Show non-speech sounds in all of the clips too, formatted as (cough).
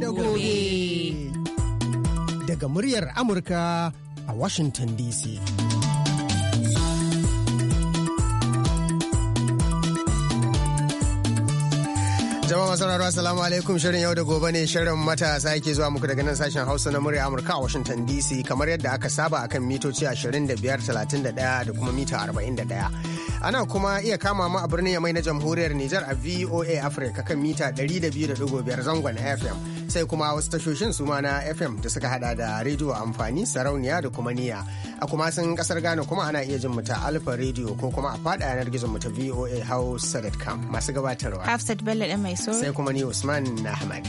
da gobe. Daga muryar Amurka a Washington DC. jama'a sauraro assalamu alaikum shirin yau da gobe ne shirin matasa yake zuwa muku daga nan sashen hausa na murya amurka a washington dc kamar yadda aka saba akan mitoci 25 31 da kuma mita 41 ana kuma iya kama mu a birnin yamai na jamhuriyar Nijar a VOA Africa kan mita 200.5 zangon FM sai kuma wasu tashoshin suma na FM da suka hada da rediyo amfani sarauniya da kuma niya. A kuma sun kasar Ghana kuma ana iya jin ta Alfa rediyo ko kuma a fada yanar gizon ta VOA Hausa.com masu gabatarwa. Hafsat Bello da mai Sai kuma ni Usman na Ahmad.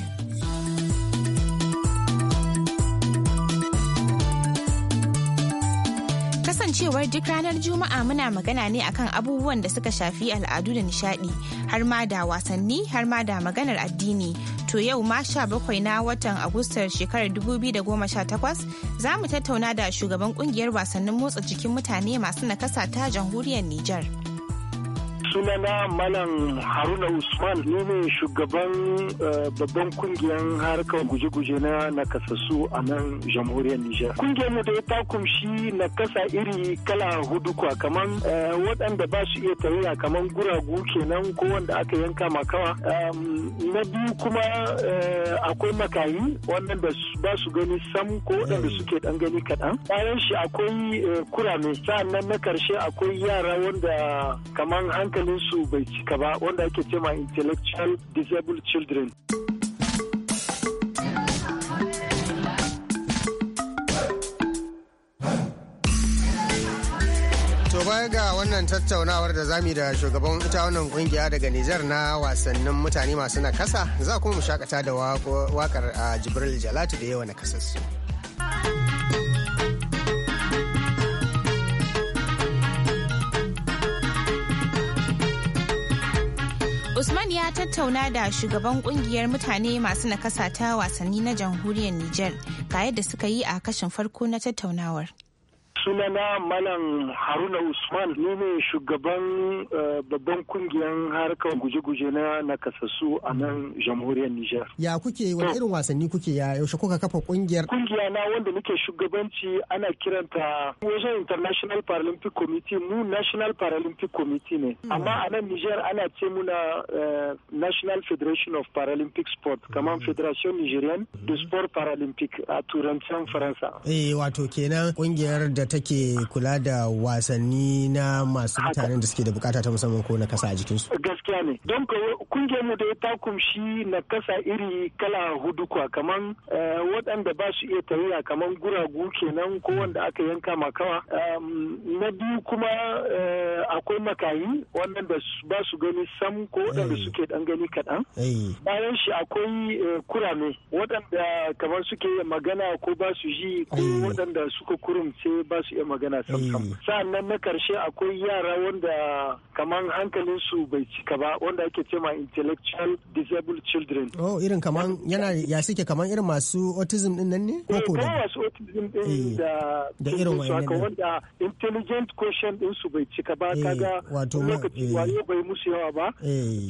kasancewar duk ranar juma'a muna magana ne akan abubuwan da suka shafi al'adu da nishadi har ma da wasanni har ma da maganar addini To yau ma sha bakwai na watan Agustar shekarar dubu biyu da goma sha takwas za mu tattauna da shugaban kungiyar wasannin motsa jikin mutane masu nakasa ta jamhuriyar Nijar. sunana malam haruna usman ni ne shugaban eh, babban kungiyar harkar guje-guje na nakasassu a nan jamhuriyar nijar kungiyar mu dai ta kumshi nakasa iri kala hudu kuwa kamar eh, waɗanda ba su iya tarayya kaman guragu kenan ko wanda aka yanka makawa ehm, na biyu kuma eh, akwai makayi waɗanda ba su gani sam ko waɗanda hmm. suke ɗan gani kaɗan bayan shi akwai kurame sa'annan na karshe akwai yara wanda kaman hankali hankalinsu bai cika ba wanda ake cema intellectual disabled children. baya ga wannan tattaunawar da zamu da shugaban ita wannan kungiya daga Nijar na wasannin mutane masu nakasa za kuma mu shakata da wakar ah, Jibril Jalatu da yawa na nakasassu. tattauna da shugaban kungiyar mutane masu nakasa ta wasanni na jamhuriyar Nijar ga yadda suka yi a kashin farko na tattaunawar. sunana malam haruna usman ni ne shugaban eh, babban kungiyar harkar guje-guje na nakasassu a nan jamhuriyar nijar ya kuke wani irin wasanni kuke ya yaushe kuka kafa kungiyar kungiya na wanda nake shugabanci ana kiranta wajen international paralympic committee mu national paralympic committee ne hmm. amma a nan nijar ana ce muna eh, national federation of paralympic sport kamar hmm. federation nigerian de hmm. sport paralympic a turancen faransa eh wato kenan kungiyar da take kula da wasanni na masu mutanen da suke da bukata ta musamman ko na kasa a jikinsu. Gaskiya ne. Don kungiyar mu da ta kumshi na kasa iri kala hudu kuwa kaman eh, waɗanda ba su iya tafiya kaman guragu kenan ko wanda aka yanka makawa. Na biyu kuma eh, akwai makayi wannan da ba su gani sam ko waɗanda eh. suke ɗan gani kaɗan. Bayan shi akwai kurame waɗanda kamar suke magana ko ba su ji ko waɗanda suka kurumce ba su iya magana eh. samsam nan na karshe akwai yara wanda kaman hankalin su bai cika ba wanda ake cema intellectual disabled children oh irin kaman yana ya suke kaman irin masu autism din nan ne eh, ko ko da masu autism din eh, da da irin wannan wanda intelligent question din su bai cika ba kaga wato lokaci wani bai musu yawa ba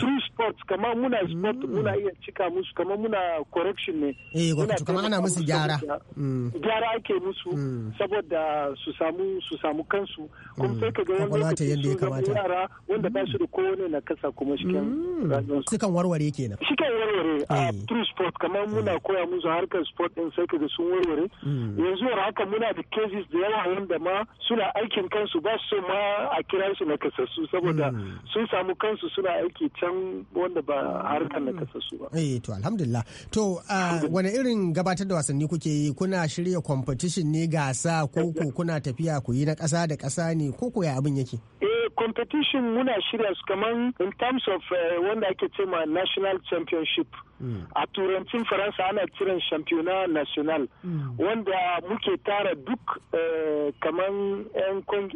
true sports kaman muna mm. sport muna iya cika musu kaman muna correction ne eh kaman ana musu gyara mm. gyara ake musu mm. saboda su samu su samu kansu kuma mm. sai ka ga wani lokaci su zama yara wanda ba su da kowane na kasa kuma cikin mm. rayuwarsu sukan warware kenan kan warware a eh. true sport kamar eh. muna koya musu harkar sport din sai ka ga sun warware mm. yanzu yara haka muna da cases da yawa wanda ma suna aikin kansu ba su ma a kira su na kasassu saboda sun samu kansu suna aiki can wanda ba harkar na kasassu ba eh to alhamdulillah to ah, wani irin gabatar da wasanni kuke yi kuna shirya competition ne gasa ko kuna kuna tafiya ku yi na ƙasa da ƙasa ne ko ko ya abin yake eh competition muna shirya su kaman in terms of eh, wanda ake ce ma national championship hmm. a turancin faransa ana kiran championnat national hmm. wanda muke tara duk eh, kaman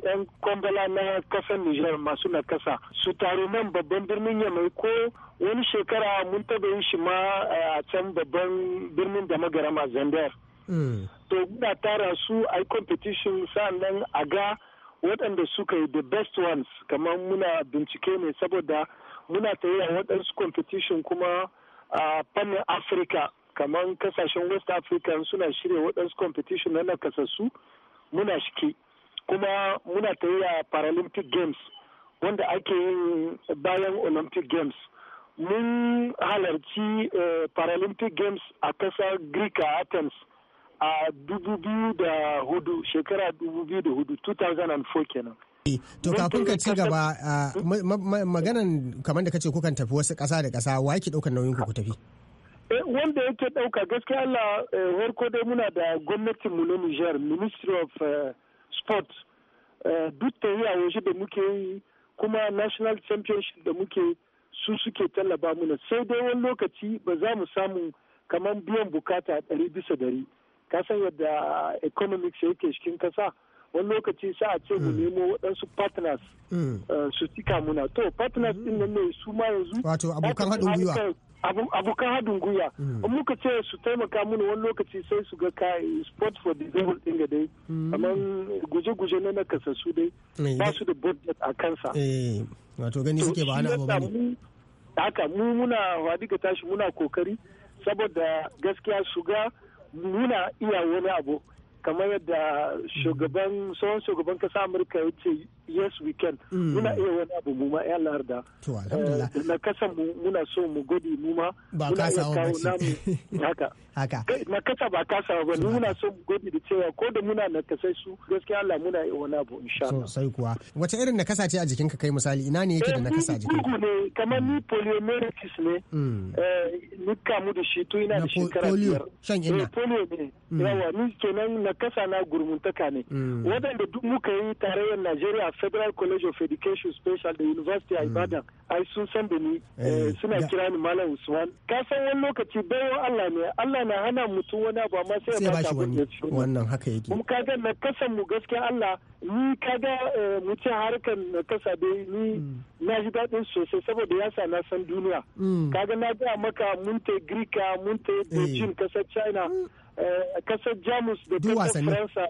yan kwangala na kasar nijar masu na kasa su taro nan babban birnin yamai ko wani shekara mun taba yin shi ma eh, a can babban birnin da magarama zandar Mm. to muna tara su a yi competition nan a ga waɗanda suka yi the best ones kamar muna bincike ne saboda muna tafiya waɗansu competition kuma a fannin afirka kamar kasashen west africa suna shirya waɗansu competition na nakasassu muna shike kuma muna a paralympic games wanda ake yin bayan olympic games mun halarci eh, paralympic games a kasar greek a athens a dubu biyu da hudu, shekara dubu biyu da hudu 2004 kenan eh, to kafin ka ci gaba maganan kamar da kace kukan tafi wasu ƙasa da ƙasa wa yake ɗaukar nauyin ku ku tafi eh, wanda yake ɗauka gaskiya Allah eh, warko dai muna da gwamnatin mu na Niger Ministry of Sport duk ta yawo da muke yi kuma National Championship da muke su suke tallaba muna sai dai wani lokaci ba za mu samu kamar biyan bukata ɗari bisa ɗari. ka san yadda economics yake cikin kasa wani lokaci sa a ce mu mm. nemo waɗansu partners mm. eh, su cika muna to partners din mm. nan ne su ma yanzu wato abokan haɗin gwiwa abokan haɗin gwiwa in muka ce su taimaka muna wani lokaci sai su ga ka sport for disabled din ga dai kamar guje-guje na su dai eh. ba su da budget a kansa eh, wato gani suke ba ana abu bane haka mu muna wadi ga tashi muna kokari saboda gaskiya su nuna iya wani abu kamar yadda shugaban tsohon shugaban kasa amurka ya ce yes we can hmm. muna iya wani abu mu ma ya larda eh, na kasa mu muna so mu gode mu ma ba kasa ba ce haka (laughs) haka na kasa ba kasa ba ni muna so mu gode da cewa ko da muna na kasa su gaskiya Allah muna iya wani abu insha Allah sai kuwa wace irin na kasa ce a jikinka kai misali ina ne yake da eh, na kasa a jikinka ne kamar ni hmm. poliomyelitis ne hmm. eh, ni kamu da shi to ina da shekara biyar polio shan ina polio ne yawa ni kenan na kasa na gurmuntaka ne mm. waɗanda duk muka yi tarayyar Najeriya Federal College of Education Special da University a mm. Ibadan ai sun san da ni eh, eh, suna kira ni Malam Usman ka san wani lokaci bayo Allah ne Allah na hana mutum wani abu amma sai ya ba wani wannan haka yake Mun ka na nakasan mu gaskiya Allah ni kaga eh, mu ce harkar kasa dai ni mm. na ji daɗin sosai saboda yasa na san duniya kaga na ga maka mun ta Girka mun ta Beijing kasar China Eh, kasar jamus da kasar faransa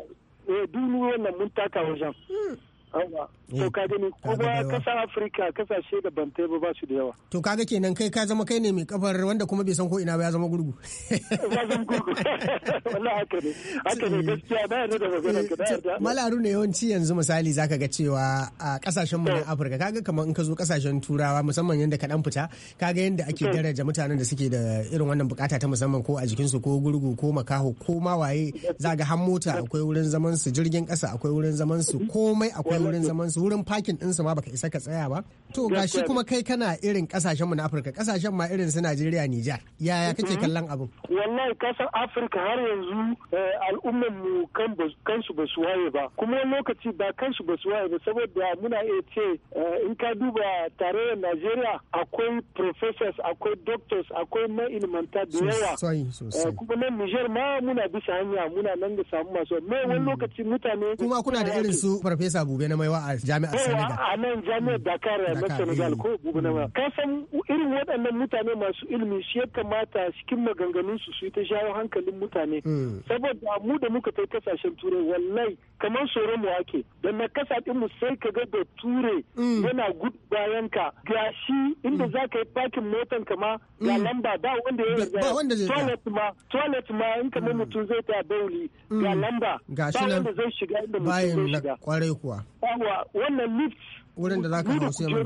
eh, duniya wannan mun taka wajen hmm. Oh, to ka gani kuma kasar afirka kasashe da ban ba ba su da yawa to kaga kenan kai ka zama kai ne mai kafar wanda kuma bai san ko ina ba ya zama gurgu Ba (laughs) zan gurgu (laughs) wallahi haka ne haka ne gaskiya na yarda da magana ka da yarda malaru ne yawanci yanzu misali zaka ga cewa a kasashen mu na afirka kaga kamar in ka zo kasashen turawa musamman yanda ka dan fita kaga yanda ake daraja mutanen da suke da irin wannan bukata ta musamman ko a jikinsu ko gurgu ko makaho ko mawaye za zaga har mota akwai wurin zaman su jirgin kasa akwai wurin zaman su komai akwai wurin zaman su wurin parking ɗinsu ma baka isa ka tsaya ba to shi kuma kai kana irin kasashen mu na Afirka kasashen ma irin su Najeriya Nijar yaya kake mhm. kallon abin wallahi kasan Afirka har yanzu eh, al'ummar mu kan kansu ba su waye ba kuma lokaci ba kansu ba su waye ba saboda muna iya ce eh, in ka duba tarayyar Najeriya akwai professors akwai doctors akwai ma'ilmanta da yawa eh, kuma nan Nijar ma muna bisa hanya muna nan da samu masu me wani hmm. lokaci mutane kuma kuna da irin su farfesa bube na na maiwa a jami'ar eh, Senegal. A nan jami'ar Dakar na Senegal eh. ko gobe na maiwa. Kasan irin waɗannan mutane masu ilimi shi ya kamata cikin maganganun su su ta shawo hankalin mutane. Hmm. Saboda mu da muka kai kasashen turai wallahi kamar tsoron mu ake. Don na kasa ɗin mu sai ka ga da ture hmm. yana gud bayan ka. Ga shi inda hmm. za ka yi pakin motan ka ma ga lamba ba wanda ya yarda. Ba wanda zai Toilet ma toilet ma in kamar mutum zai ta dauli ga lamba. Ga shi nan bayan kwarai kuwa. kwamba wannan lift wurin da ka hau yawa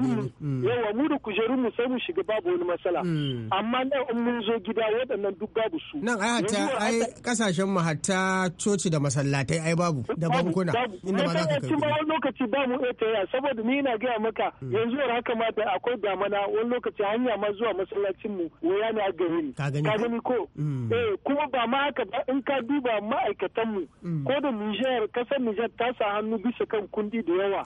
mu da kujerun mm. mu sai mu shiga babu wani matsala mm. amma nan in mun zo gida waɗannan duk babu su nan ai hatta ai kasashen mu hatta coci da masallatai ai babu da bankuna inda ba za ka kai wani lokaci ba mu iya saboda ni ina gaya maka mm. yanzu wani haka ma da akwai damana wani lokaci hanya ma zuwa masallacin mu waya ne a ka gani ko eh kuma ba ma haka ba in ka duba ma'aikatan mu ko da Nijar kasar nijar ta sa hannu bisa kan kundi da yawa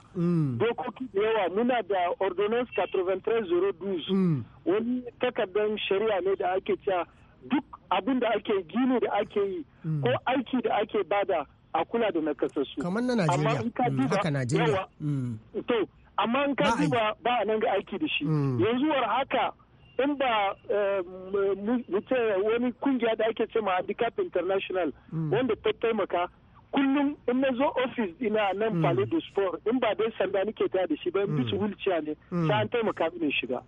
dokoki yawa muna da ordonance 9302 mm. wani takardar shari'a ne da ake cewa duk abin da ake gini da ake yi mm. ko aiki da ake bada a kula da nakasassu kamar na Najeriya mm, haka Najeriya to amma in ka duba ba a nan ga aiki da shi yanzu war haka in ba eh, mu wani kungiya da ake ce ma handicap international wanda ta taimaka kullum in na zo ofis ina nan fali mm. da sport in ba dai sanda nake ta da shi ba in bisu mm. wheelchair ne mm. sai an taimaka mini shiga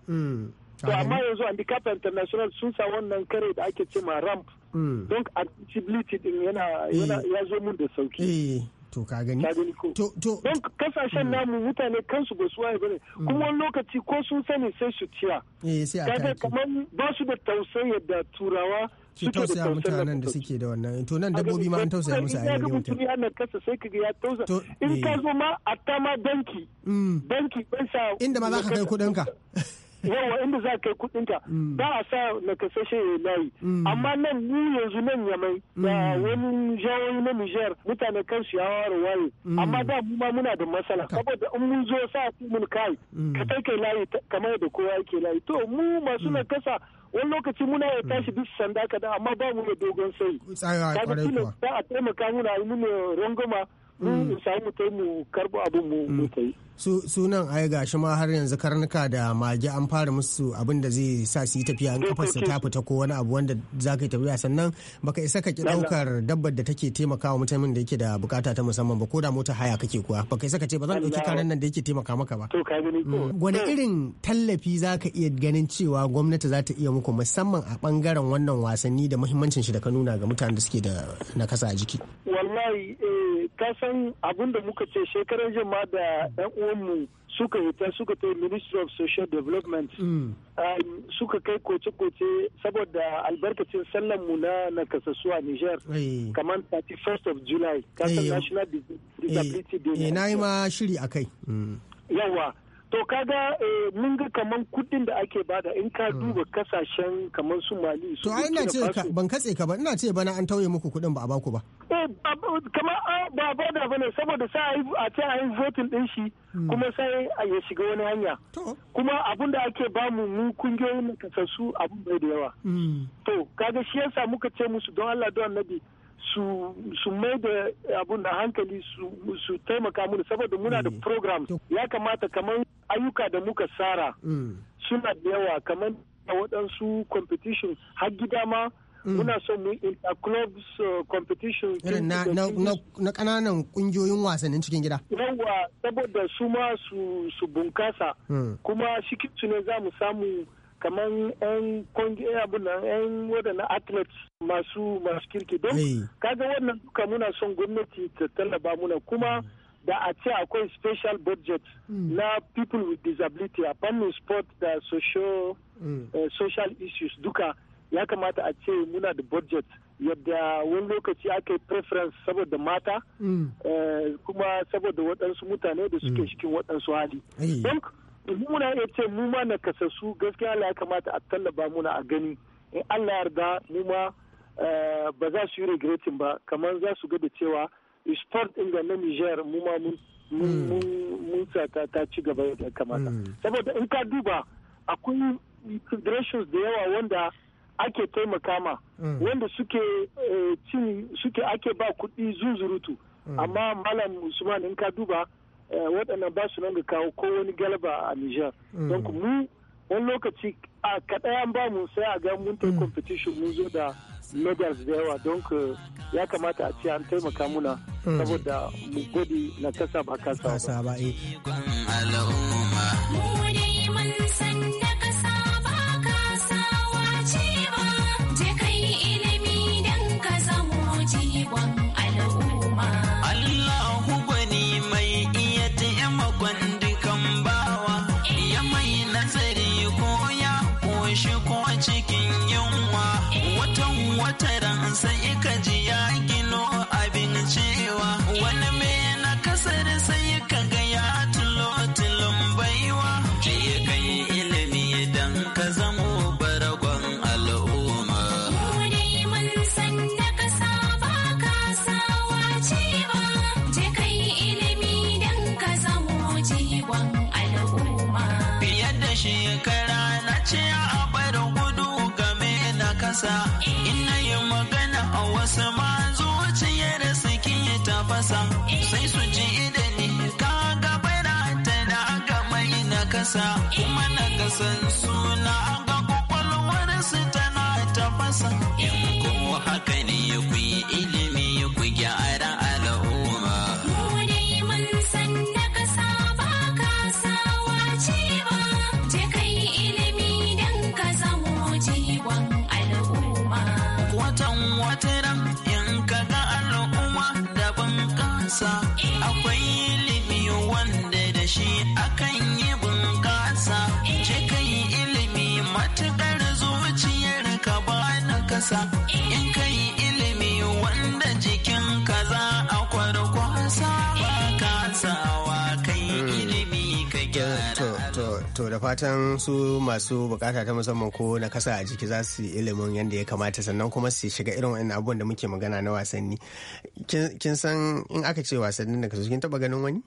to amma yanzu handicap international sun sa wannan kare da ake ce ma ramp don accessibility din eh. yana ya zo mun da sauki eh. to ka gani to don kasashen mm. namu mutane kansu ba su waye bane mm. kuma wani lokaci ko sun sani sai su ciya eh sai a kai kamar ba su da tausayi yadda turawa ki tausaya mutanen da suke da wannan to nan dabbobi ma an tausaya musu a yau mutum ya na kasa sai kaga ya in ka eh. zo ma a ta ma danki danki mm. ban sa inda ma za ka kai kudin ka (laughs) yawa inda za ka kai ta mm. ba a sa na kasashe ya layi mm. amma nan mu yanzu nan yamai mm. da wani jawoyi na Niger mutane kansu ya ware waye amma da mu ma muna da matsala saboda in mun zo sa mun kai ka kai kai layi kamar da kowa yake layi to mu masu na kasa wani lokaci muna ya tashi duk sanda ka da amma ba mu da dogon sai a taimaka muna yi mu rangoma mu sai mu kai mu karbo abin mu mu kai sunan ai gashi ma har yanzu karnuka da mage an fara musu abin da zai sa su yi tafiya an kafarsa ta fita ko wani abu wanda za ka yi tafiya sannan baka isa ka ki daukar dabbar da take taimakawa mutumin da yake da bukata ta musamman ba ko da mota haya kake kuwa baka isa ka ce ba zan dauki karen nan da yake taimaka maka ba wani mm. irin tallafi za ka iya ganin cewa gwamnati za ta iya muku musamman a bangaren wannan wasanni da muhimmancin shi da ka nuna ga mutanen da suke da nakasa a jiki wallahi eh, ka san abin da muka ce shekaran jin ma da yan mu suka hita suka ta ministry of social development mm. um, suka kai koce-koce saboda albarkacin sallanmu na nakasassu a niger eh. kamar 31st of july kasar eh, national eh, disability day na yi ma shiri a kai mm. yawa to kaga eh, mun ga kaman kuɗin da ake bada in ka mm. duba kasashen kaman su mali su to ina ce ban katse ka ba ina ce bana an tauye muku kuɗin ba a baku ba eh kamar ba ba ah, da bane saboda sai a ce a yi voting din shi mm. kuma sai ya shiga wani hanya kuma abun da ake bamu mu kungiyoyin kasasu abun bai da yawa mm. to kaga shi yasa muka ce musu don Allah don Annabi su mai da abun da hankali su taimaka mana saboda muna da mm. program ya kamata kamar ayyuka da muka tsara mm. suna da yawa kamar waɗansu competition har gida ma mm. muna son mu interclubs uh, competition na kananan ƙungiyoyin wasannin cikin gida yawa saboda su ma su bunkasa kuma cikin ne za mu samu kamar yan kungiyar abin nan yan waɗannan athletes masu masu kirki don eh. kaga wannan duka muna son gwamnati ta tallaba muna kuma hmm. da a ce akwai special budget hmm. na people with disability a fannin sport da hmm. eh, social, issues duka ya kamata a ce muna da budget yadda wani lokaci aka yi preference saboda mata eh, kuma saboda waɗansu mutane da suke cikin waɗansu hali. muna iya ce mu ma na kasassu gaskiya Allah ya kamata a tallaba muna a gani in Allah yarda mu ma eh, ba za su yi regretin ba kamar za su ga da cewa sport din ga na Niger mu ma mun hmm. sata ta ci gaba ya kamata hmm. saboda in ka duba akwai federations da yawa wanda ake taimaka ma hmm. wanda suke eh, cin suke ake ba kuɗi zuzurutu amma malam Usman in ka duba Eh, waɗannan ba su nan ga kawo ko wani galaba a Nijar. Mm. Don mu wani lokaci a kaɗai ba mu sai a ga mun ta mm. competition mun zo da medals da yawa don ya kamata a ce an taimaka muna mm. saboda mu gode na kasa ba kasa ba. Eh. san ika ji ƙasa kuma na kasan suna to da fatan su masu bukata ta musamman ko na kasa a jiki za su ilimin yadda ya kamata sannan kuma su shiga irin wani abubuwan da muke magana na wasanni kin san in aka ce wasannin da kasuwa kin taba ganin wani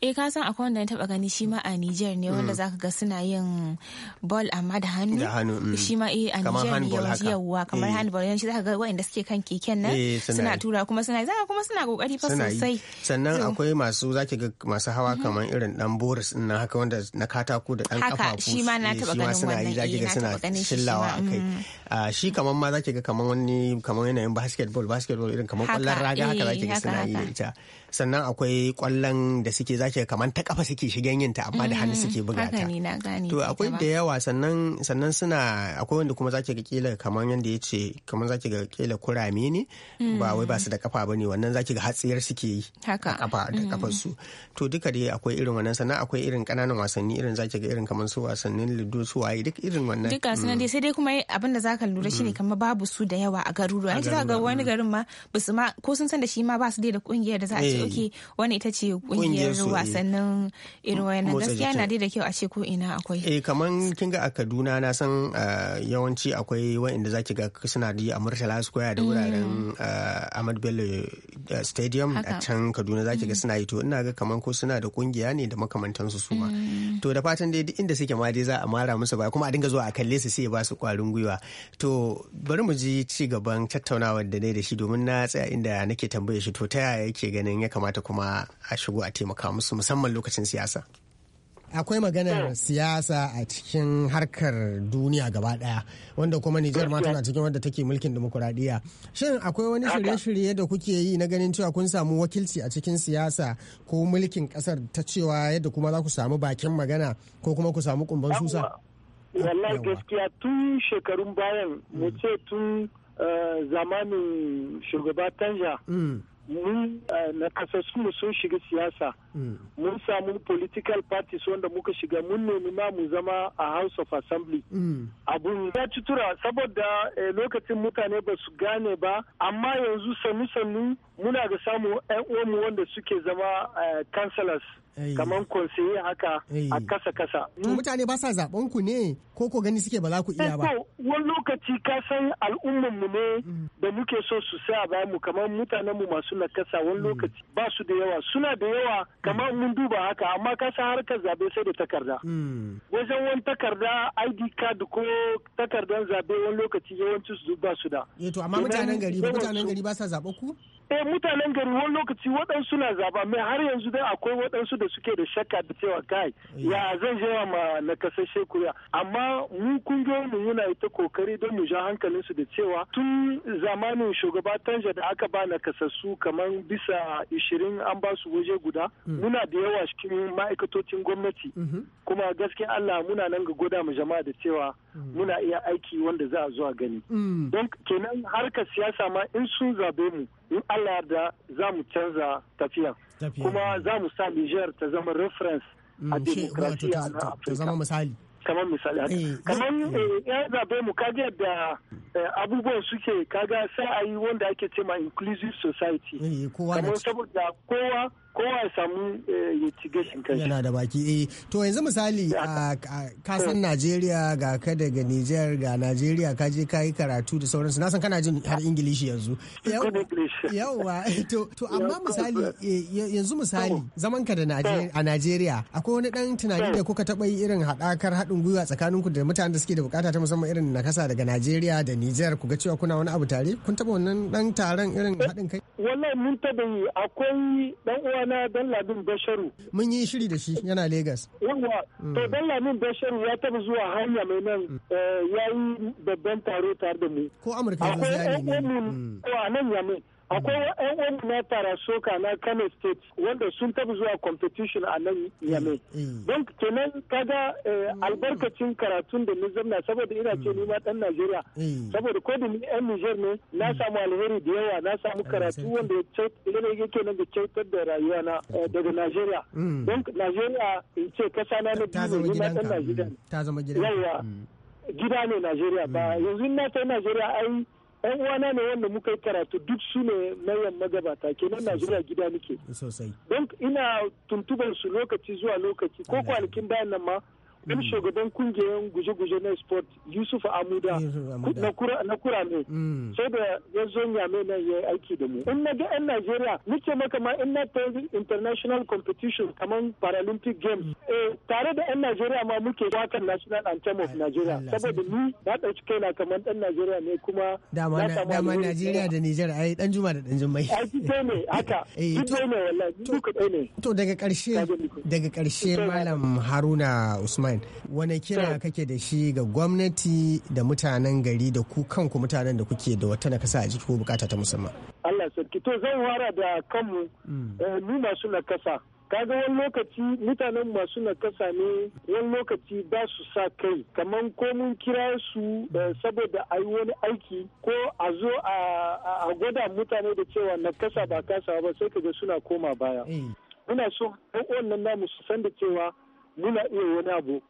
eh ka san akwai wanda na taba gani shi ma a Niger ne wanda mm. zaka ga suna yin ball amma da hannu da hannu mm. shi ma eh a Niger ne yawanci yawwa kamar eh. handball yanzu zaka ga wa'anda suke kan keken nan eh, suna tura kuma suna yi kuma suna kokari fa sosai sannan akwai masu zaki ga masu hawa mm-hmm. kamar irin dan Boris din haka wanda na katako da dan haka shi ma na taba ganin wannan eh na taba ganin shi shillawa akai mm. ah, shi kaman ma zaki ga kamar wani kamar yanayin basketball basketball irin kamar kwallon raga haka zaki ga eh, suna yi da ita sannan akwai kwallon da suke zaki kamar ta kafa suke shigen yinta amma da hannu mm, suke buga ta to akwai da yawa sannan sannan suna akwai wanda kuma zaki ga kila kamar yanda ya ce kamar zaki ga kila kurame ne mm. ba wai ba su da kafa bane wannan zaki ga hatsiyar suke yi kafa da kafar mm. su to duka dai akwai irin wannan sannan akwai irin kananan wasanni irin zaki ga irin kamar su wasannin lido su waye duk irin wannan duka sunan dai sai dai kuma abin da zaka lura shine kamar babu su da yawa a garuruwa yanzu ga wani garin ma ba su ma ko sun san da shi ma ba su da kungiyar da za a ce doki wani ita ce kungiyar wasannin irin wayannan gaskiya na dai da kyau a ce ko ina akwai eh kaman kin ga a Kaduna na san uh, yawanci akwai wayanda zaki ga suna di a Murtala Square da wuraren mm. uh, Ahmad Bello uh, Stadium a can Kaduna zaki ga mm. suna yi to ina ga kaman ko suna da kungiya ne da makamantansu su ma mm. to da fatan dai duk inda suke ma dai za a mara musu ba kuma a dinga zuwa a kalle su sai ba su kwarin gwiwa to bari mu ji ci gaban tattaunawar da ne da shi domin na tsaya inda nake tambaye shi to ta yaya yake ganin ya kamata kuma a shigo a taimaka musu musamman lokacin siyasa akwai maganar siyasa a cikin harkar duniya gaba daya wanda kuma Nijar ma tana cikin wadda take mulkin demokuraɗiyya shin akwai wani shirye-shirye da kuke yi na ganin cewa kun samu wakilci a cikin siyasa ko mulkin kasar ta cewa yadda kuma za ku samu bakin magana ko kuma ku samu kumban susa wallahi gaskiya tun shekarun bayan mu hmm. ce tun eh, zamanin shugaba tanja hmm. mun eh, na kasassu sun shiga siyasa hmm. mun samu political parties wanda muka shiga mun nemi ma mu zama a house of assembly hmm. abun ya ci tura saboda eh, lokacin mutane ba su gane ba amma yanzu sannu sannu muna ga samu 'yan uwanmu wanda suke zama eh, councillors kamar konsiye haka a kasa kasa. mutane ba sa zaben ku ne ko ko gani suke ba za ku iya eh, ba. Wani lokaci ka san al'umman mu ne mm. da muke so su sa ba mu kamar mutanen mu masu nakasa wani mm. lokaci ba su da yawa suna da yawa kamar mm. mun duba haka amma ka san harkar zabe sai da takarda. Wajen wani takarda ID card ko takardar zabe wani lokaci yawanci su ba su da. Eh to amma mutanen gari mutanen gari ba sa zaɓa ku? Eh mutanen gari wani lokaci waɗansu na zaba mai har yanzu dai akwai waɗansu da suke da shakka da cewa kai eh. ya zan je ma na kasashe kuriya amma mu kungiyoyin mu muna ita kokari don mu ja hankalin su da cewa tun zamanin shugaba tanja da aka ba na kasassu kamar bisa 20 an ba su waje guda hmm. muna da yawa cikin ma'aikatocin gwamnati mhm. kuma gaskiya Allah muna nan ga goda mu jama'a da cewa hmm. muna iya aiki wanda za a zuwa gani hmm. don kenan harkar siyasa ma in sun zabe mu in Allah da za mu canza tafiya kuma za mu sa Niger ta zama reference mm, a demokrasiya na Afirka. zama misali. Kamar misali. Eh, Kamar eh. Eh, ya zabe mu kaji yadda abubuwan suke kaga sai a yi wanda ake ce ma inclusive society. Kamar saboda kowa kowa ya samu eh, ya ci gashin kai yana da baki eh to yanzu misali ka san Najeriya ga ka daga Niger ga Najeriya ka je ka yi karatu da sauransu na san kana jin har Ingilishi yanzu yawa (laughs) to to amma misali eh, yanzu misali zaman ka da a Najeriya akwai wani dan tunani da kuka taba yi irin hadakar haɗin gwiwa tsakanin ku da mutanen da suke da bukata ta musamman irin nakasa daga Najeriya da Niger ku ga cewa kuna wani abu tare kun taba wannan dan taron irin haɗin kai wallahi mun taba yi akwai dan uwa na lamin Basharu. Mun yi shiri da shi yana Legas. Yawwa, to mm. Belladin Basharu ya taba zuwa hanya mai nan mm. eh, ya yi babban taro tare da mu. Ko Amurka ya zai ya ne. Ko a nan yamin. akwai yan wani na tara soka na Kano State wanda sun tafi zuwa competition a nan Yame mm, mm. don kenan kaga eh, albarkacin karatun da ni zamna saboda ina ce mm. ni ma dan Najeriya saboda ko da ni yan Niger ne na samu alheri da yawa na samu karatu wanda ya ke nan da kyautar da rayuwa na eh, daga Najeriya don Najeriya in ce kasa na na biyu ne dan Najeriya ta zama gida gida ne Najeriya ba yanzu na ta Najeriya ai 'yan uwana ne wanda muka yi karatu duk su ne na yamma gabata kenan na zuwa gida nake don ina tuntuban su lokaci zuwa lokaci ko kwanakin bayan nan ma dan mm. shugaban kungiyar guje-guje na sport yusuf amuda na kura ne mm. sai da ya zo nyame nan ya aiki da mu in na ga yan najeriya nake maka ma in na ta international competition kamar paralympic games mm. eh, tare da yan najeriya ma muke wakan national anthem of nigeria saboda ni na ɗauki kaina kamar ɗan najeriya ne kuma dama najeriya da nijar ai dan juma da dan jummai ai ne haka (laughs) eh, ne wallahi duka ne to daga ƙarshe daga karshe malam haruna usman online wane kira kake da shi ga gwamnati da mutanen gari da ku kanku mutanen da kuke da wata nakasa a jiki ko bukata ta musamman Allah sarki to zan wara da kanmu ni mm. eh, masu nakasa kaga wani lokaci mutanen masu nakasa ne wani lokaci ba su sa kai kamar ko mun kira su eh, saboda a yi wani aiki ko a zo a gwada mutane da cewa nakasa ba kasa ba sai kaga suna koma baya eh. muna so wannan namu su san da cewa muna iya wani abu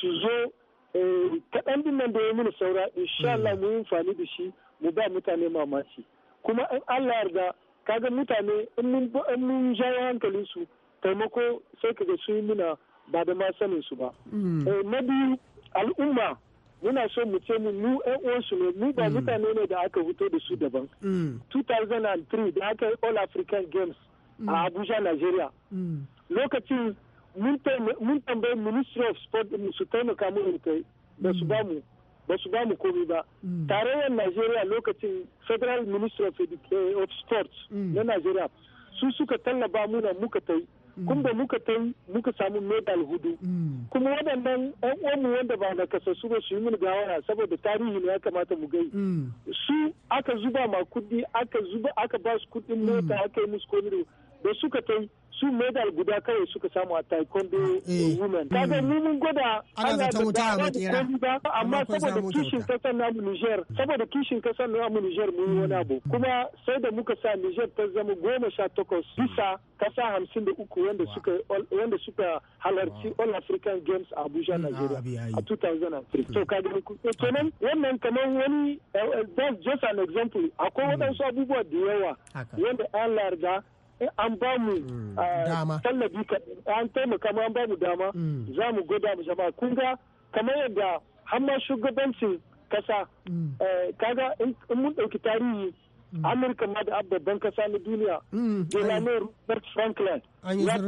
su zo eh, kaɗan din nan da ya mini saura insha Allah mm. mu yi amfani da shi mu ba mutane mamaki kuma in Allah yarda kaga mutane in mun jawo hankalin su taimako sai kaga su yi muna ba da ma sanin su ba mm. eh, na biyu al'umma muna so mu ce mu mu yan uwansu ne mu ba mm. mutane ne da aka fito da su daban 2003 da aka yi all african games a abuja nigeria lokacin mun tambayi ministry of sport su taimaka mu kai ba su mm. bamu ba su bamu komai ba mm. tarayyar najeriya lokacin federal ministry of eh, sports mm. na najeriya su suka tallaba muna muka tai kun ba muka tai muka samu medal hudu kuma waɗannan ɗan uwanmu wanda ba na kasa su ba su yi mini gawara saboda tarihi ne ya kamata mu gai su aka zuba ma kuɗi aka zuba aka ba su kuɗin mota aka yi musu komai da suka ta su medal guda kawai suka samu a taekwondo eh. women kaga ni mun gwada ana da ba amma saboda kishin kasar namu Niger saboda kishin kasar namu Niger mun wani abu mm. kuma sai da muka sa Niger ta zama goma sha takwas mm. bisa kasa hamsin da uku wanda suka halarci All African Games a Abuja mm, Nigeria a 2003 to kaga eh, nan wannan kamar wani eh, that's just an example akwai waɗansu abubuwa da yawa wanda an larga an ba mu mm. ah, tallafi an taimaka mu an ba mu dama mm. za mu gwada mu zama kun ga kamar yadda hamma shugabancin kasa mm. eh, kaga in mun ɗauki tarihi amurka ma da babban kasa na duniya lamar robert franklin ya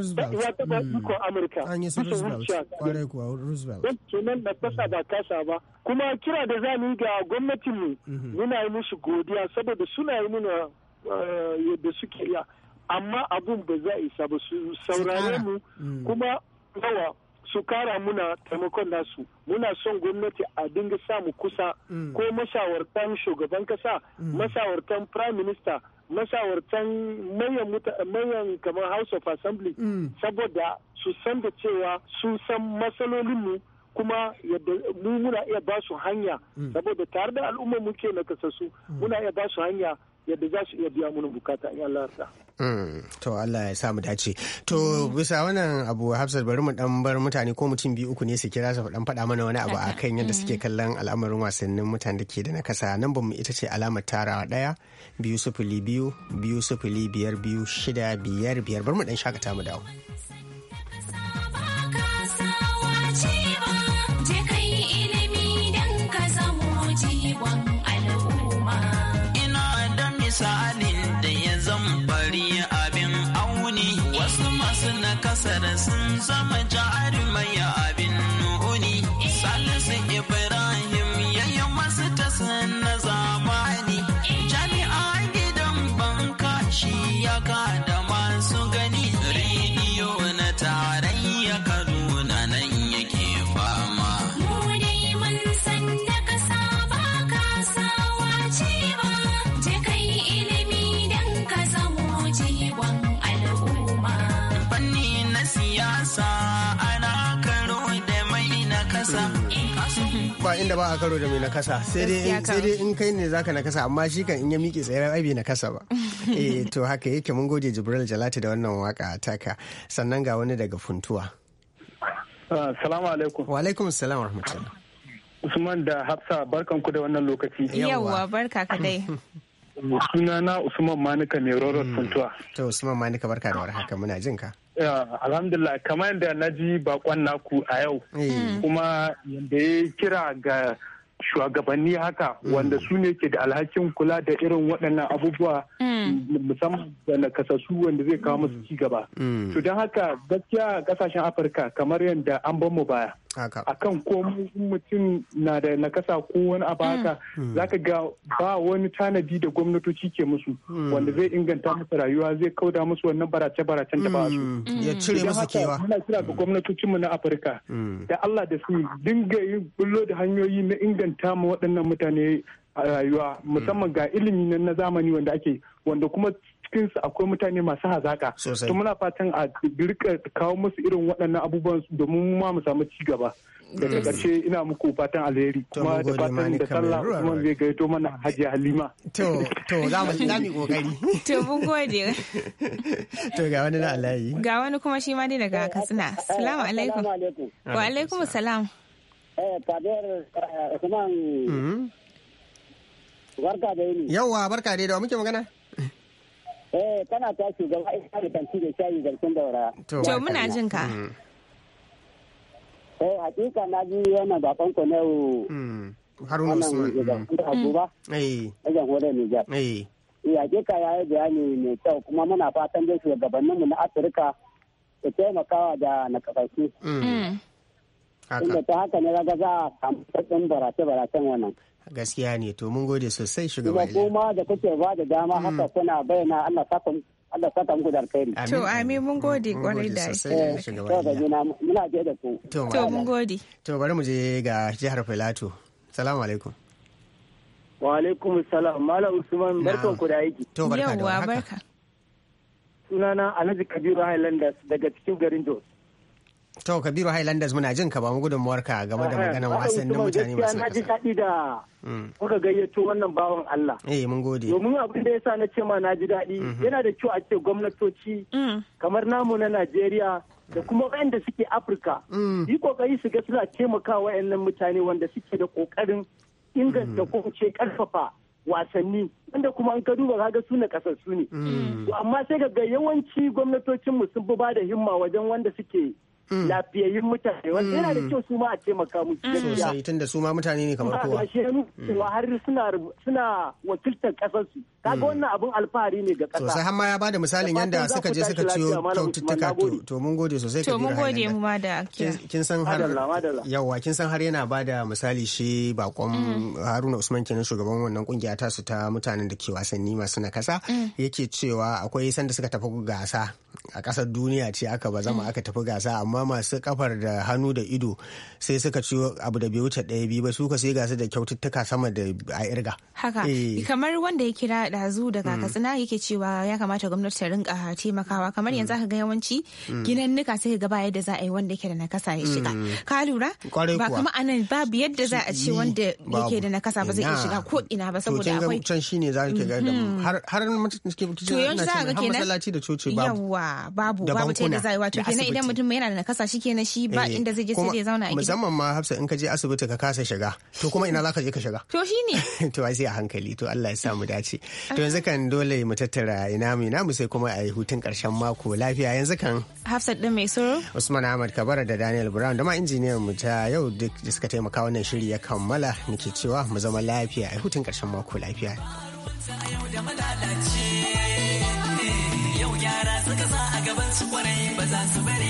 taɓa ikon amurka an yi su roosevelt kenan da kasa ba kasa ba kuma kira da za mu yi ga gwamnatinmu mm-hmm. muna yi musu godiya saboda suna yi muna eh, yadda suke iya amma abun ba za isa ba su saurare mu mm. kuma yawa su kara muna taimakon nasu muna son gwamnati a dinga samu kusa mm. ko mashawartan shugaban kasa mm. mashawartan prime minister mashawartan mayan kamar house of assembly saboda su san da cewa sun san matsalolinmu kuma yadda mu muna iya ba su hanya saboda tare da al'ummar muke na kasasu muna iya ba su hanya yadda za su iya biya mun bukata in Allah ya mm, To Allah ya sa mu dace. To bisa wannan abu Hafsat bari mu dan bar mutane ko mutum biyu uku ne su kira su dan faɗa mana wani abu a kan yadda suke (laughs) mm. kallon al'amarin wasannin mutane da ke da na kasa. nan mu ita ce alamar tarawa ɗaya biyu sufuli biyu biyu sufuli biyar biyu shida biyar biyar bar mu dan shakata mu dawo. Masar sun zama jarumai abin nuni. Salisu Ibrahim a karo da mai nakasa sai dai in kai ne zaka nakasa amma shi kan in ya miƙe tsaye ai bai nakasa ba (laughs) eh to haka yake mun gode Jibril Jalati da wannan waka taka sannan ga wani daga funtuwa Assalamu ah, alaikum. Wa alaikum assalam rahmatullah. Usman da Hafsa barkan ku da wannan lokaci. Yawwa barka ka dai. sunana na Usman Manika ne Rorot hmm. Funtuwa. To Usman Manika barka da warhaka muna jin ka. Eh, alhamdulillah kamar yadda na ji bakon naku a yau hmm. kuma yadda ya kira ga shugabanni haka hmm. wanda su ne ke da alhakin kula da irin waɗannan abubuwa hmm. musamman da nakasassu wanda zai kawo musu cigaba To don haka gaskiya kasashen Afirka kamar yadda an ban mu baya. a kan ko mutum na da nakasa ko wani abu hmm. haka hmm. ka ga ba wani tanadi da gwamnatoci ke musu hmm. wanda zai inganta musu rayuwa zai kauda musu wannan barace baracen da ba su ya cire musu kewa muna kira ga mu na Afirka da Allah da su dinga yi bullo da hanyoyi na inganta mu waɗannan mutane rayuwa musamman ga ilimi na zamani wanda ake wanda kuma cikin su akwai mutane masu hazaka to muna fatan a birka kawo musu irin waɗannan abubuwan domin ma mu samu ci gaba mm. daga ƙarshe ina muku fatan alheri kuma da fatan da sallah kuma zai gaito mana Hajji Halima to to za mu za mu kokari (laughs) to mun gode (laughs) to ga wani na alayi ga wani kuma shi ma dai daga Katsina assalamu alaikum wa alaikum salam eh fadar eh, Usman mm-hmm. barka da yini yawa barka dai da muke magana Eh kana ta shugaba a isa da kanti da shayi zarfin daura. To muna jin ka. Mm. Eh hakika na ji yana da ku na yau. Mm. Haruna Usman. Mm. ba. Eh. Wajen horar Nijar. Eh. Iya, eh, Hakika ya yi bayani mai kyau kuma muna fatan dai shugabanninmu na Afirka su taimakawa da na Haka. Inda ta haka ne raga za a samu sassan barace-baracen wannan. gaskiya ne to mun gode sosai shugaba ila kuma da kuke ba da dama mm. haka kuna bayyana Allah saka Allah saka muku da alkhairi to amin mun gode mm, kwarai da shugaba eh, muna je da ku to mun gode to bari mu je ga jihar Filato salamu alaikum wa alaikum salam malam usman barkan ku da aiki to barka da haka sunana Alhaji Kabiru Highlanders daga cikin garin Jos To Kabiru Highlanders muna jin ka ba mu gudunmuwar ka game da maganar wasannin mutane masu Na ji da mm. kuka gayyato wannan bawan Allah. Eh mun gode. Domin abin da yasa na ce ma na ji daɗi mhm. yana da kyau a ce gwamnatoci mm. kamar namu na Najeriya da kuma wayanda suke Afirka. Mm. Yi kokari su ga suna taimaka wayannan mutane wanda suke da kokarin inganta ko ce karfafa wasanni wanda kuma an ka duba kaga su na kasassu ne. Amma sai ga yawanci mu sun fi ba da himma wajen wanda suke Mm. lafiyayyun mutane wanda yana da mm. kyau su ma a taimaka musu mm. gaskiya tunda su ma mutane ne kamar kowa kuma har suna suna wakiltar kasar su kaga wannan abun alfahari ne ga kasa sosai har ma ya bada misalin yanda suka je suka ciyo kyaututtuka to mun gode sosai to mun gode mu ma da kin san har yawa kin san har yana bada misali shi bakon Haruna Usman kenan shugaban wannan kungiya ta su ta mutanen da ke wasanni masu na kasa? yake cewa akwai sanda suka tafi gasa a kasar duniya ce aka ba zama aka tafi gasa amma ma masu kafar da hannu da ido sai suka ciwo abu da bai wuce ɗaya biyu ba suka sai gasu da kyaututtuka sama da a irga. Haka, eh. kamar wanda ya kira ɗazu daga mm. Katsina yake cewa ya kamata gwamnati ta rinka taimakawa kamar yanzu mm. aka ga yawanci mm. nuka sai gaba yadda za a yi wanda yake da nakasa ya shiga. Ka lura? Ba kama anan babu yadda za a ce wanda yake da nakasa ba zai iya shiga ko ina ba saboda akwai. Can shi ne za ka ga mm-hmm. har har mutum suke bukicin har masallaci da coci babu. Yawwa babu babu ta yadda za a yi wato kenan idan mutum yana da kasa shi kenan shi ba eh, inda zai je sai zai zauna a gida musamman ma hafsa in ka je asibiti ka kasa shiga to kuma ina ka je ka shiga to shine (laughs) to ai sai a hankali to Allah ya sa mu dace to yanzu kan dole mu tattara ina mu ina mu sai kuma a yi hutun karshen mako lafiya yanzu kan hafsa din mai tsoro. Usman Ahmad Kabara da Daniel Brown da ma injiniyan mu ta yau duk da suka taimaka wannan shiri ya kammala nake cewa mu zama lafiya a hutun karshen mako lafiya yau gyara suka sa a gaban su kwarai ba za su bari